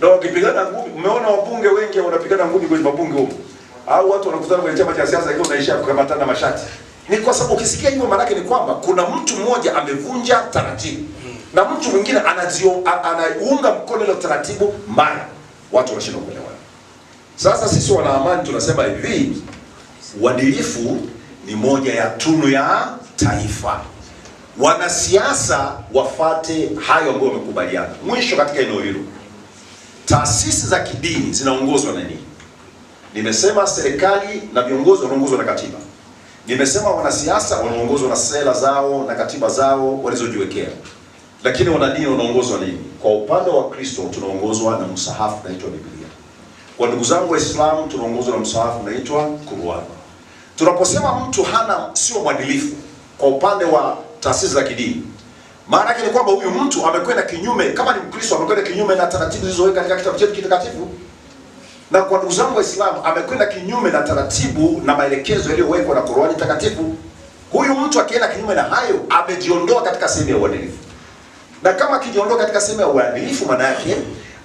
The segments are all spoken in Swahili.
na wakipigana ngumi, umeona wabunge wengi wanapigana ngumi kwenye mabunge huko, au watu wanakutana kwenye chama cha siasa ikiwa unaishia kukamatana mashati. Ni kwa sababu ukisikia hivyo, maana ni kwamba kuna mtu mmoja amevunja taratibu na mtu mwingine anazio anaunga mkono ile taratibu mara watu wanashindwa kuelewa. Sasa sisi wana amani tunasema hivi, uadilifu ni moja ya tunu ya taifa. Wanasiasa wafate hayo ambayo wamekubaliana. Mwisho katika eneo hilo taasisi za kidini zinaongozwa na nini? Nimesema serikali na viongozi wanaongozwa na katiba. Nimesema wanasiasa wanaongozwa na sera zao na katiba zao walizojiwekea, lakini wanadini wanaongozwa nini? Kwa upande wa Kristo tunaongozwa na msahafu unaitwa Biblia. Kwa ndugu zangu Waislamu tunaongozwa na msahafu unaitwa Qur'an. Tunaposema mtu hana sio mwadilifu kwa upande wa taasisi za kidini maana yake ni kwamba huyu mtu amekwenda kinyume, kama ni Mkristo amekwenda kinyume na taratibu zilizowekwa katika kitabu chetu kitakatifu, na kwa ndugu zangu Waislamu amekwenda kinyume na taratibu na maelekezo yaliyowekwa na Qur'ani takatifu. Huyu mtu akienda kinyume na hayo, amejiondoa katika sehemu ya uadilifu, na kama akijiondoa katika sehemu ya uadilifu, maana yake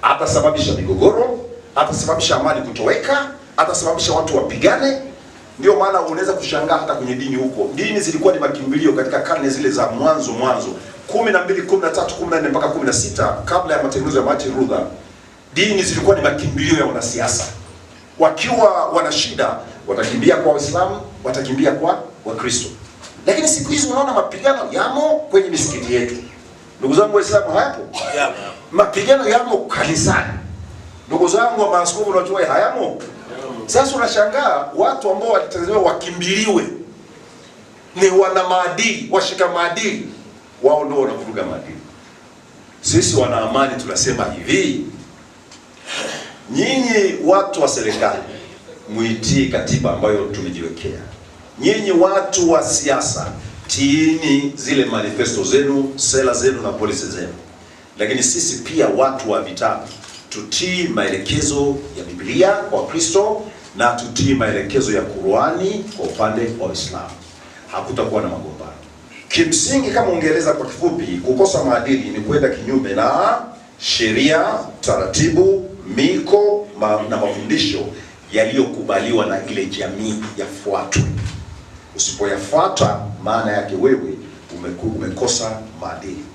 atasababisha migogoro, atasababisha amani kutoweka, atasababisha watu wapigane. Ndio maana unaweza kushangaa hata kwenye dini huko, dini zilikuwa ni makimbilio katika karne zile za mwanzo mwanzo 12, 14 kabla ya matengenezo ya Martin Luther, dini zilikuwa ni makimbilio ya wanasiasa. Wakiwa wana shida watakimbia kwa Waislamu, watakimbia kwa Wakristo. Lakini siku hizi unaona mapigano yamo kwenye misikiti yetu. Ndugu zangu Waislamu hayapo? Yamo. Mapigano yamo kanisani. Ndugu zangu wa maaskofu unajua hayamo? Sasa unashangaa watu ambao walitengenezewa wakimbiliwe ni wana maadili, washika maadili wao ndio wanavuruga maadili. Sisi wana amani tunasema hivi, nyinyi watu wa serikali mwitii katiba ambayo tumejiwekea. Nyinyi watu wa siasa tiini zile manifesto zenu, sera zenu na polisi zenu, lakini sisi pia watu wa vitabu tutii maelekezo ya Biblia kwa Kristo na tutii maelekezo ya Qur'ani kwa upande wa Uislamu. Hakutakuwa na magombano. Kimsingi, kama ungeeleza kwa kifupi, kukosa maadili ni kwenda kinyume na sheria, taratibu, miko ma, na mafundisho yaliyokubaliwa na ile jamii yafuatwe. Usipoyafuata, maana yake wewe umeku, umekosa maadili.